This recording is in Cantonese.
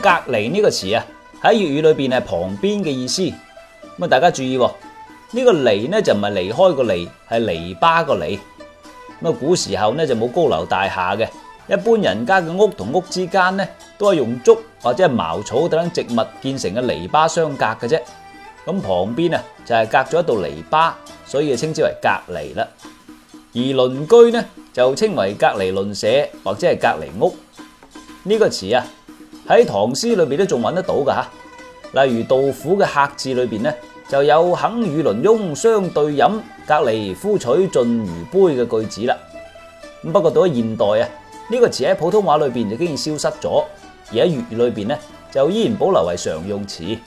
隔籬呢個詞啊，喺粵語裏邊係旁邊嘅意思。咁啊，大家注意，呢個離呢就唔係離開個離，係籬笆個籬。咁啊，古時候呢就冇高樓大廈嘅，一般人家嘅屋同屋之間呢，都係用竹或者係茅草等等植物建成嘅籬笆相隔嘅啫。咁旁邊啊就係隔咗一道籬笆，所以就稱之為隔籬啦。而鄰居呢就稱為隔籬鄰舍或者係隔籬屋呢個詞啊。喺唐詩裏邊都仲揾得到噶哈，例如杜甫嘅《客至》裏邊呢，就有“肯與鄰翁相對飲，隔籬呼取盡餘杯”嘅句子啦。咁不過到咗現代啊，呢、這個詞喺普通話裏邊就竟然消失咗，而喺粵語裏邊呢，就依然保留為常用詞。